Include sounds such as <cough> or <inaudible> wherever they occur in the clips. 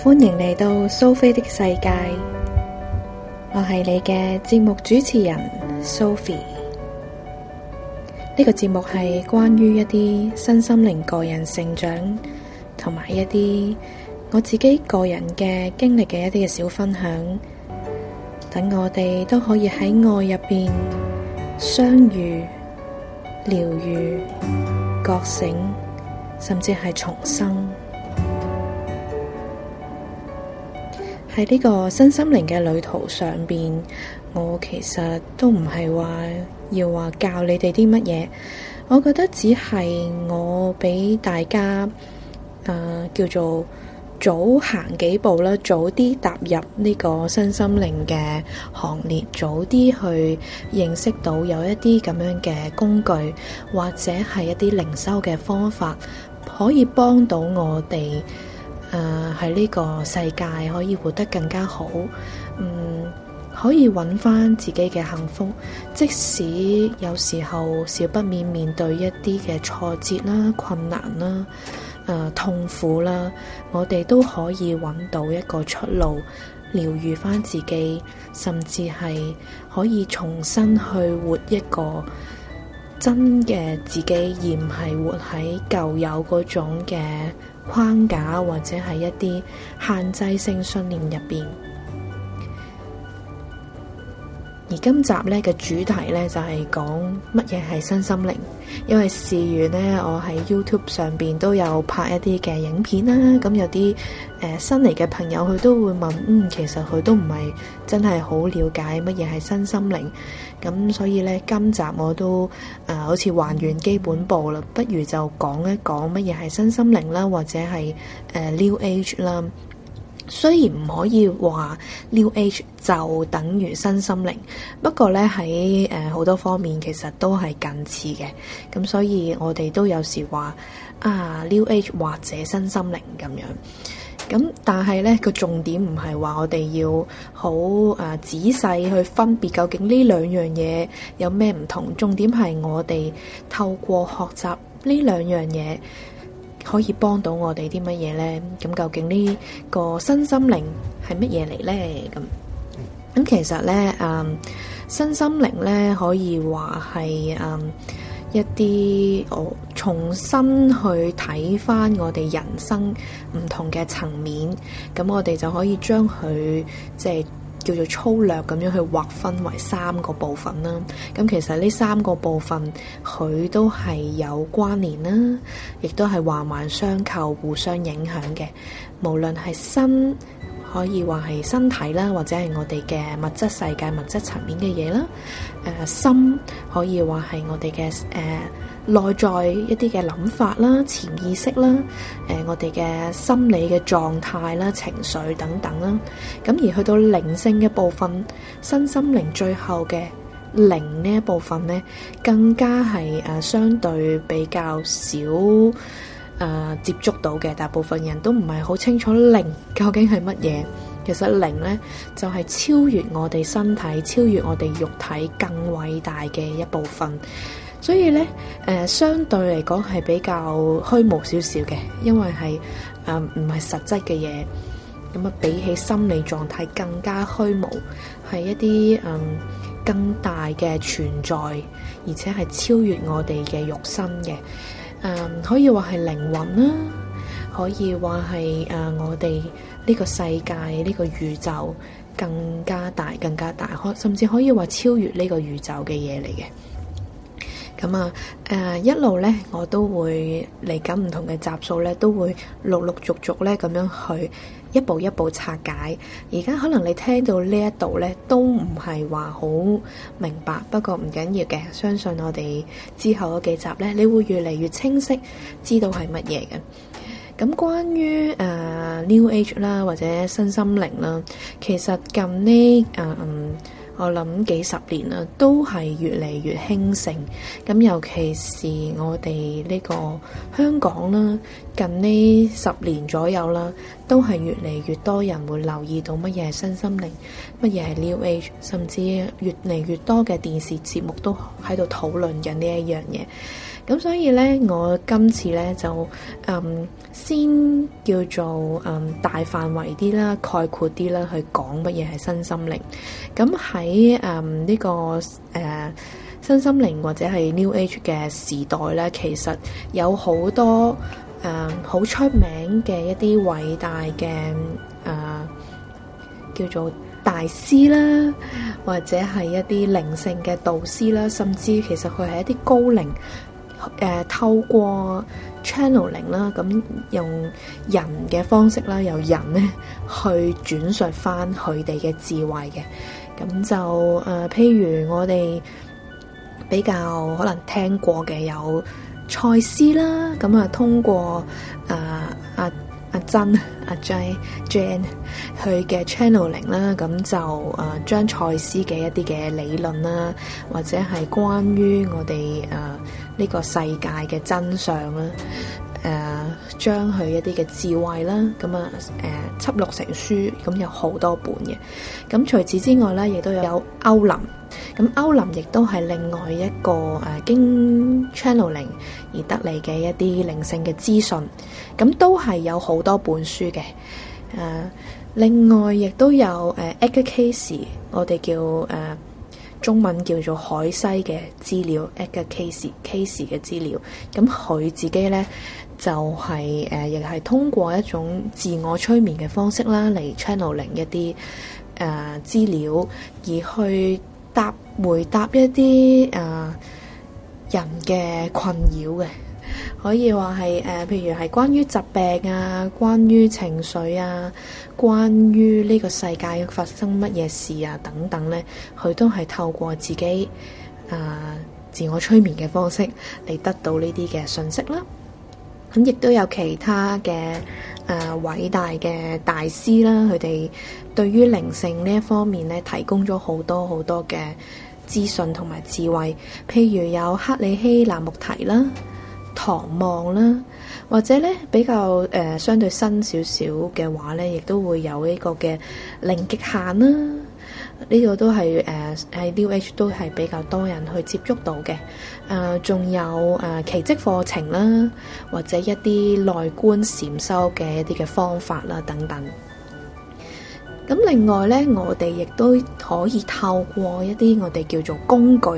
歡迎嚟到蘇菲的世界，我係你嘅節目主持人蘇菲。呢、這個節目係關於一啲身心靈個人成長，同埋一啲我自己個人嘅經歷嘅一啲嘅小分享，等我哋都可以喺愛入邊相遇、療癒、覺醒，甚至係重生。喺呢個身心靈嘅旅途上邊，我其實都唔係話要話教你哋啲乜嘢，我覺得只係我俾大家誒、呃、叫做早行幾步啦，早啲踏入呢個身心靈嘅行列，早啲去認識到有一啲咁樣嘅工具或者係一啲靈修嘅方法，可以幫到我哋。誒，喺呢、uh, 個世界可以活得更加好，嗯，可以揾翻自己嘅幸福。即使有時候少不免面對一啲嘅挫折啦、困難啦、誒、呃、痛苦啦，我哋都可以揾到一個出路，療癒翻自己，甚至係可以重新去活一個真嘅自己，而唔係活喺舊有嗰種嘅框架或者係一啲限制性信念入邊。而今集咧嘅主題咧就係講乜嘢係身心靈，因為事緣呢，我喺 YouTube 上邊都有拍一啲嘅影片啦。咁有啲誒、呃、新嚟嘅朋友佢都會問，嗯，其實佢都唔係真係好了解乜嘢係身心靈。咁所以呢，今集我都誒、呃、好似還原基本步啦，不如就講一講乜嘢係身心靈啦，或者係誒、呃、New Age 啦。雖然唔可以話 New Age 就等於身心靈，不過呢，喺誒好多方面其實都係近似嘅，咁所以我哋都有時話啊 New Age 或者身心靈咁樣，咁但係呢個重點唔係話我哋要好啊仔細去分別究竟呢兩樣嘢有咩唔同，重點係我哋透過學習呢兩樣嘢，可以幫到我哋啲乜嘢咧？咁究竟呢個身心靈係乜嘢嚟咧？咁咁其實咧，嗯，身心靈咧可以話係嗯一啲我、哦、重新去睇返我哋人生唔同嘅層面，咁我哋就可以將佢即係。叫做粗略咁樣去劃分為三個部分啦，咁其實呢三個部分佢都係有關聯啦，亦都係環環相扣、互相影響嘅。無論係身，可以話係身體啦，或者係我哋嘅物質世界、物質層面嘅嘢啦。誒，心可以話係我哋嘅誒。呃內在一啲嘅諗法啦、潛意識啦、誒、呃、我哋嘅心理嘅狀態啦、情緒等等啦，咁而去到靈性嘅部分、身心靈最後嘅靈呢一部分呢，更加係誒、呃、相對比較少誒、呃、接觸到嘅，大部分人都唔係好清楚靈究竟係乜嘢。其實靈呢，就係、是、超越我哋身體、超越我哋肉體更偉大嘅一部分。所以咧，誒、呃、相對嚟講係比較虛無少少嘅，因為係誒唔係實質嘅嘢。咁、呃、啊，比起心理狀態更加虛無，係一啲誒、呃、更大嘅存在，而且係超越我哋嘅肉身嘅。誒可以話係靈魂啦，可以話係誒我哋呢個世界呢、這個宇宙更加大、更加大，可甚至可以話超越呢個宇宙嘅嘢嚟嘅。咁啊，誒、呃、一路呢，我都會嚟緊唔同嘅集數咧，都會陸陸續續呢咁樣去一步一步拆解。而家可能你聽到呢一度呢，都唔係話好明白，不過唔緊要嘅，相信我哋之後嗰幾集呢，你會越嚟越清晰，知道係乜嘢嘅。咁關於誒、呃、New Age 啦，或者新心靈啦，其實近呢誒嗯。呃我諗幾十年啦，都係越嚟越興盛。咁尤其是我哋呢個香港啦，近呢十年左右啦，都係越嚟越多人會留意到乜嘢係身心靈，乜嘢係 new age，甚至越嚟越多嘅電視節目都喺度討論緊呢一樣嘢。咁所以咧，我今次咧就嗯先叫做嗯大範圍啲啦，概括啲啦去講乜嘢係身心靈。咁喺嗯呢、這個誒、呃、身心靈或者係 New Age 嘅時代咧，其實有好多誒好、呃、出名嘅一啲偉大嘅誒、呃、叫做大師啦，或者係一啲靈性嘅導師啦，甚至其實佢係一啲高靈。誒、啊、透過 channeling 啦、啊，咁用人嘅方式啦、啊，由人咧去轉述翻佢哋嘅智慧嘅，咁就誒譬如我哋比較可能聽過嘅有賽斯啦，咁啊通過誒啊。啊阿珍、阿 Jen，Jane 佢嘅 Channeling 啦，咁就啊，將賽斯嘅一啲嘅理論啦、啊，或者係關於我哋啊呢、這個世界嘅真相啦。啊誒將佢一啲嘅智慧啦，咁啊誒輯錄成書，咁有好多本嘅。咁、啊、除此之外咧，亦都有歐林，咁、啊、歐林亦都係另外一個誒、啊、經 channeling 而得嚟嘅一啲靈性嘅資訊，咁、啊、都係有好多本書嘅。誒、啊、另外亦都有誒 Edgar Cayce，我哋叫誒、啊、中文叫做海西嘅資料 Edgar Cayce Cayce 嘅資料，咁佢、啊、自己咧。.就係、是、誒，亦、呃、係通過一種自我催眠嘅方式啦，嚟 channeling 一啲誒資料，而去答回答一啲誒、呃、人嘅困擾嘅。 <laughs> 可以話係誒，譬、呃、如係關於疾病啊，關於情緒啊，關於呢個世界發生乜嘢事啊等等呢，佢都係透過自己誒、呃、自我催眠嘅方式嚟得到呢啲嘅信息啦。亦都有其他嘅誒偉大嘅大師啦，佢哋對於靈性呢一方面咧，提供咗好多好多嘅資訊同埋智慧，譬如有克里希那穆提啦、唐望啦，或者咧比較誒、呃、相對新少少嘅話咧，亦都會有一個嘅零極限啦。呢個都係誒喺 New Age 都係比較多人去接觸到嘅。誒、呃、仲有誒、呃、奇蹟課程啦，或者一啲內觀禪修嘅一啲嘅方法啦等等。咁另外咧，我哋亦都可以透過一啲我哋叫做工具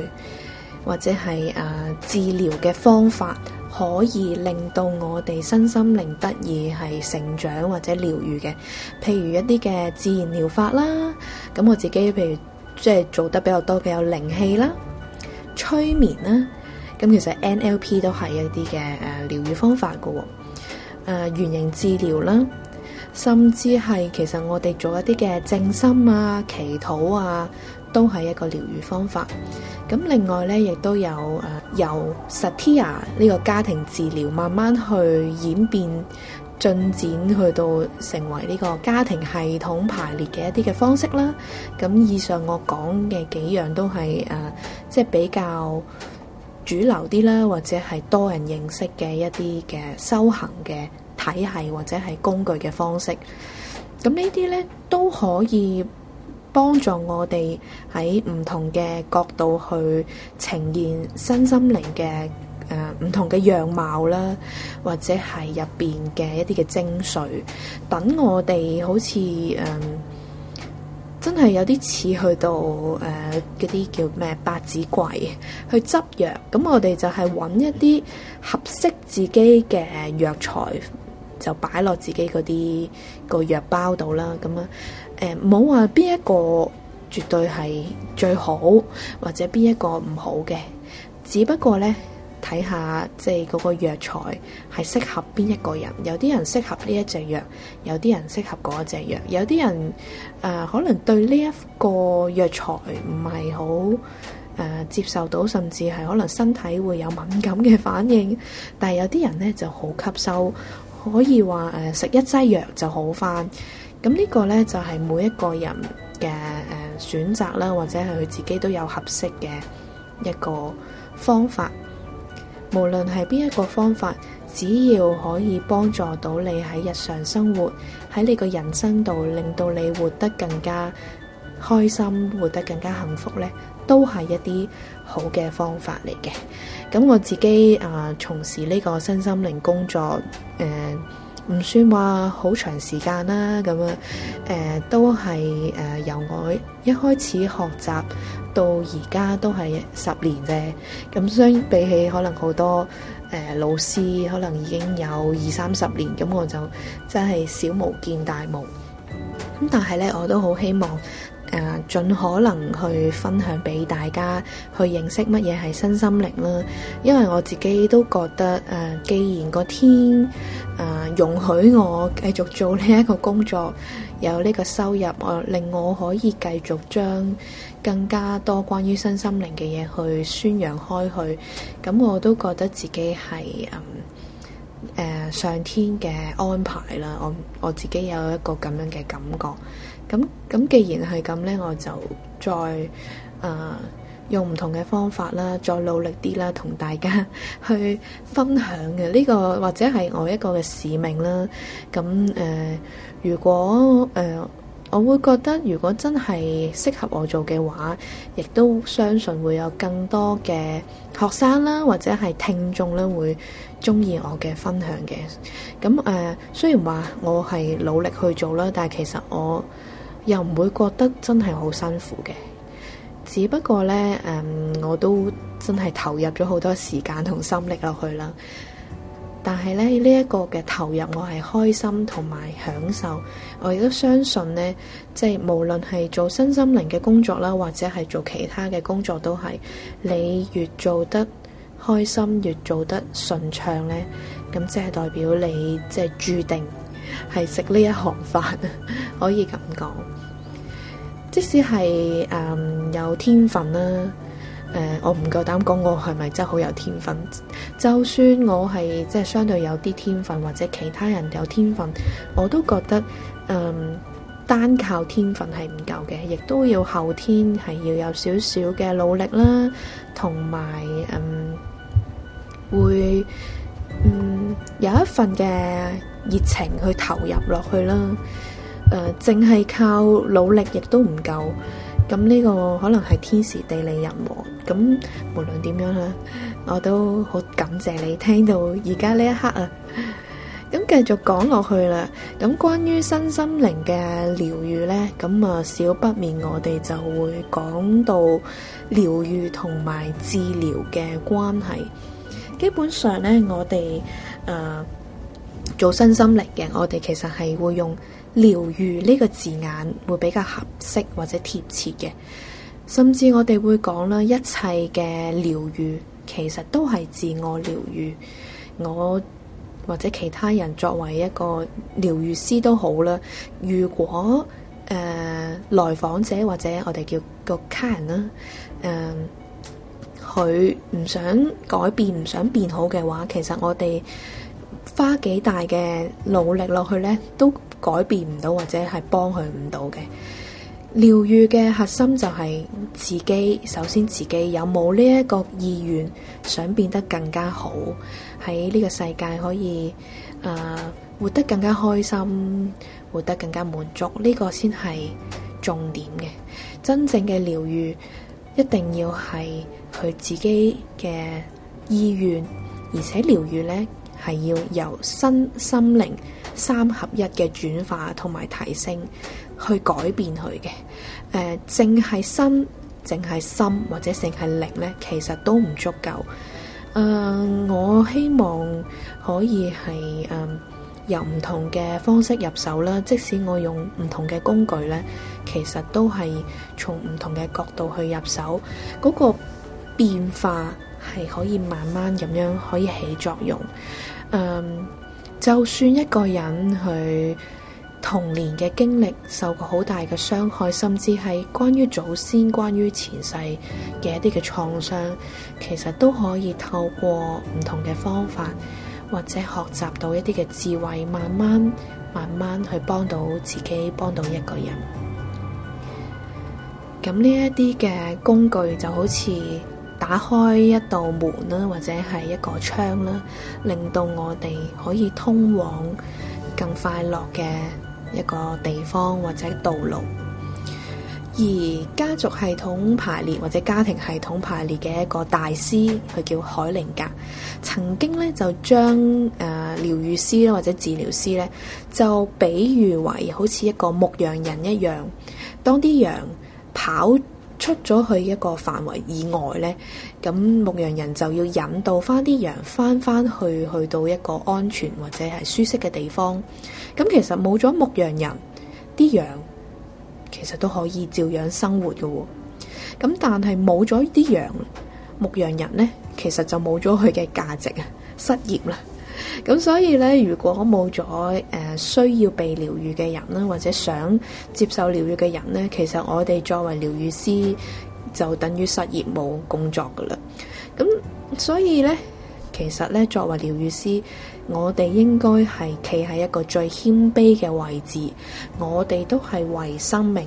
或者係誒、呃、治療嘅方法。可以令到我哋身心靈得以係成長或者療愈嘅，譬如一啲嘅自然療法啦，咁我自己譬如即係、就是、做得比較多嘅有靈氣啦、催眠啦，咁其實 NLP 都係一啲嘅誒療愈方法嘅喎，誒、呃、圓形治療啦，甚至係其實我哋做一啲嘅靜心啊、祈禱啊。都係一個療癒方法。咁另外咧，亦都有誒、呃、由 Satir 呢個家庭治療慢慢去演變、進展，去到成為呢個家庭系統排列嘅一啲嘅方式啦。咁以上我講嘅幾樣都係誒，即、呃、係、就是、比較主流啲啦，或者係多人認識嘅一啲嘅修行嘅體系，或者係工具嘅方式。咁呢啲咧都可以。幫助我哋喺唔同嘅角度去呈現身心靈嘅誒唔同嘅樣貌啦，或者係入邊嘅一啲嘅精髓，等我哋好似誒、呃，真係有啲似去到誒嗰啲叫咩百子櫃去執藥，咁我哋就係揾一啲合適自己嘅藥材。就擺落自己嗰啲個藥包度啦。咁、嗯、啊，誒冇話邊一個絕對係最好，或者邊一個唔好嘅。只不過呢，睇下即係嗰個藥材係適合邊一個人。有啲人適合呢一隻藥，有啲人適合嗰一隻藥。有啲人誒、呃、可能對呢一個藥材唔係好誒接受到，甚至係可能身體會有敏感嘅反應。但係有啲人呢就好吸收。可以話誒食一劑藥就好翻，咁呢個呢，就係、係、每一個人嘅誒、呃、選擇啦，或者係佢自己都有合適嘅一個方法。無論係邊一個方法，只要可以幫助到你喺日常生活喺你個人生度，令到你活得更加開心，活得更加幸福呢，都係一啲好嘅方法嚟嘅，咁我自己啊，從、呃、事呢個身心靈工作，誒、呃，唔算話好長時間啦，咁、嗯、啊，誒、呃，都係誒、呃、由我一開始學習到而家都係十年啫，咁相比起可能好多誒、呃、老師可能已經有二三十年，咁我就真係小巫見大巫，咁但係咧，我都好希望。誒，盡可能去分享俾大家去認識乜嘢係身心靈啦。因為我自己都覺得誒、呃，既然個天誒、呃、容許我繼續做呢一個工作，有呢個收入，我、呃、令我可以繼續將更加多關於身心靈嘅嘢去宣揚開去，咁我都覺得自己係嗯。誒、呃、上天嘅安排啦，我我自己有一個咁樣嘅感覺。咁咁既然係咁呢，我就再誒、呃、用唔同嘅方法啦，再努力啲啦，同大家去分享嘅呢、這個或者係我一個嘅使命啦。咁誒、呃，如果誒。呃我會覺得，如果真係適合我做嘅話，亦都相信會有更多嘅學生啦，或者係聽眾咧，會中意我嘅分享嘅。咁誒、呃，雖然話我係努力去做啦，但係其實我又唔會覺得真係好辛苦嘅。只不過呢，誒、呃，我都真係投入咗好多時間同心力落去啦。但係咧，呢、這、一個嘅投入，我係開心同埋享受。我亦都相信呢，即係無論係做身心靈嘅工作啦，或者係做其他嘅工作都係，你越做得開心，越做得順暢呢。咁即係代表你即係、就是、注定係食呢一行飯， <laughs> 可以咁講。即使係誒、嗯、有天分啦。誒，uh, 我唔夠膽講我係咪真係好有天分。就算我係即係相對有啲天分，或者其他人有天分，我都覺得嗯，單靠天分係唔夠嘅，亦都要後天係要有少少嘅努力啦，同埋嗯會嗯有一份嘅熱情去投入落去啦。誒、呃，淨係靠努力亦都唔夠。咁呢個可能係天時地利人和，咁無論點樣啦，我都好感謝你聽到而家呢一刻啊，咁繼續講落去啦。咁關於身心靈嘅療愈呢，咁啊少不免我哋就會講到療愈同埋治療嘅關係。基本上呢，我哋誒做身心靈嘅，我哋其實係會用。療癒呢個字眼會比較合適或者貼切嘅，甚至我哋會講啦，一切嘅療癒其實都係自我療癒。我或者其他人作為一個療癒師都好啦，如果誒、呃、來訪者或者我哋叫個客人啦，誒佢唔想改變、唔想變好嘅話，其實我哋。花幾大嘅努力落去呢，都改變唔到，或者係幫佢唔到嘅。療癒嘅核心就係自己。首先，自己有冇呢一個意願，想變得更加好喺呢個世界，可以誒、呃，活得更加開心，活得更加滿足呢，呢個先係重點嘅。真正嘅療癒，一定要係佢自己嘅意願，而且療癒呢，係要由身心靈三合一嘅轉化同埋提升，去改變佢嘅。誒、呃，淨係身、淨係心或者淨係靈呢，其實都唔足夠。誒、呃，我希望可以係誒、呃、由唔同嘅方式入手啦。即使我用唔同嘅工具呢，其實都係從唔同嘅角度去入手，嗰、那個變化係可以慢慢咁樣可以起作用。誒，um, 就算一個人佢童年嘅經歷受過好大嘅傷害，甚至係關於祖先、關於前世嘅一啲嘅創傷，其實都可以透過唔同嘅方法或者學習到一啲嘅智慧，慢慢慢慢去幫到自己，幫到一個人。咁呢一啲嘅工具就好似，打開一道門啦，或者係一個窗啦，令到我哋可以通往更快樂嘅一個地方或者道路。而家族系統排列或者家庭系統排列嘅一個大師，佢叫海靈格，曾經咧就將誒、呃、療癒師啦或者治療師咧，就比喻為好似一個牧羊人一樣，當啲羊跑出咗去一個範圍以外呢，咁牧羊人就要引導返啲羊返返去去到一個安全或者係舒適嘅地方。咁其實冇咗牧羊人，啲羊其實都可以照樣生活嘅喎。咁但係冇咗啲羊，牧羊人呢，其實就冇咗佢嘅價值啊，失業啦。咁所以咧，如果冇咗誒需要被療癒嘅人啦，或者想接受療癒嘅人咧，其實我哋作為療癒師就等於失業冇工作噶啦。咁所以咧，其實咧作為療癒師，我哋應該係企喺一個最謙卑嘅位置，我哋都係為生命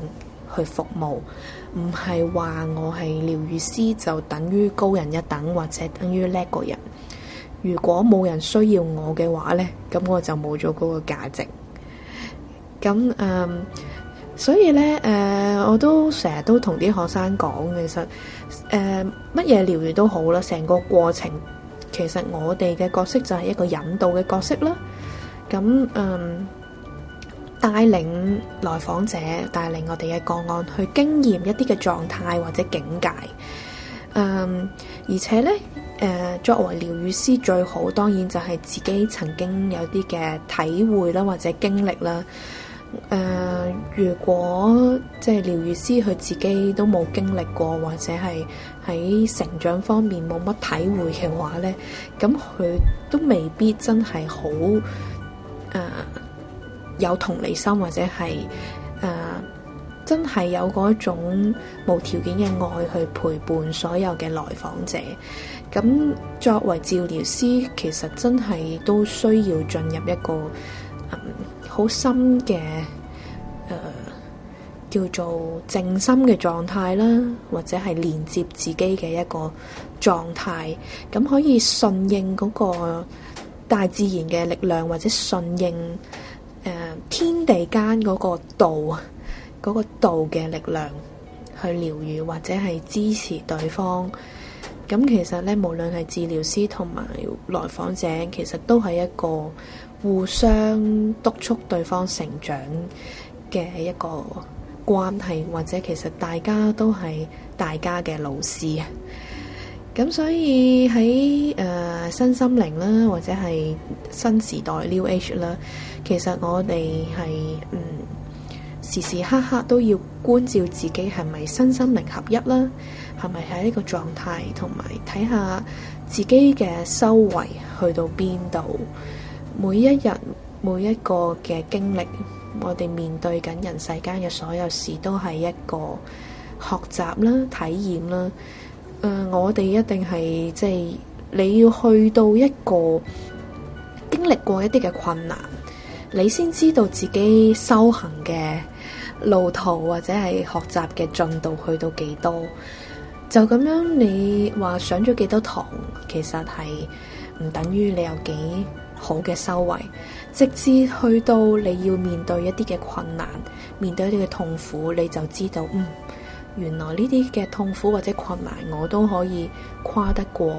去服務，唔係話我係療癒師就等於高人一等，或者等於叻過人。如果冇人需要我嘅話呢，咁我就冇咗嗰個價值。咁誒，所以呢誒，我都成日都同啲學生講，其實誒，乜嘢療癒都好啦，成個過程其實我哋嘅角色就係一個引導嘅角色啦。咁誒，帶領來訪者，帶領我哋嘅個案去經驗一啲嘅狀態或者境界。嗯，而且呢。誒，uh, 作為療愈師最好，當然就係自己曾經有啲嘅體會啦，或者經歷啦。誒、uh,，如果即係療愈師，佢自己都冇經歷過，或者係喺成長方面冇乜體會嘅話呢，咁佢都未必真係好誒、uh, 有同理心，或者係誒。Uh, 真係有嗰種無條件嘅愛去陪伴所有嘅來訪者。咁作為治療師，其實真係都需要進入一個好、嗯、深嘅，誒、呃、叫做靜心嘅狀態啦，或者係連接自己嘅一個狀態。咁可以順應嗰個大自然嘅力量，或者順應誒、呃、天地間嗰個道。嗰個道嘅力量去療癒或者係支持對方，咁其實呢，無論係治療師同埋來訪者，其實都係一個互相督促對方成長嘅一個關係，或者其實大家都係大家嘅老師啊。咁所以喺誒身心靈啦，或者係新時代 New Age 啦，其實我哋係嗯。時時刻刻都要關照自己係咪身心靈合一啦，係咪喺呢個狀態，同埋睇下自己嘅修為去到邊度。每一日每一個嘅經歷，我哋面對緊人世間嘅所有事，都係一個學習啦，體驗啦。誒、呃，我哋一定係即係你要去到一個經歷過一啲嘅困難，你先知道自己修行嘅。路途或者係學習嘅進度去到幾多，就咁樣你話上咗幾多堂，其實係唔等於你有幾好嘅收穫。直至去到你要面對一啲嘅困難，面對一啲嘅痛苦，你就知道，嗯，原來呢啲嘅痛苦或者困難，我都可以跨得過。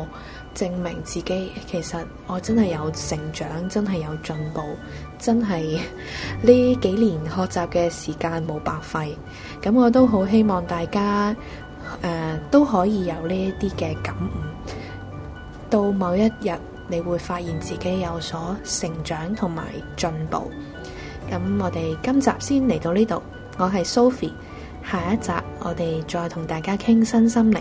證明自己，其實我真係有成長，真係有進步，真係呢幾年學習嘅時間冇白費。咁我都好希望大家誒、呃、都可以有呢一啲嘅感悟。到某一日，你會發現自己有所成長同埋進步。咁我哋今集先嚟到呢度，我係 Sophie，下一集我哋再同大家傾身心靈。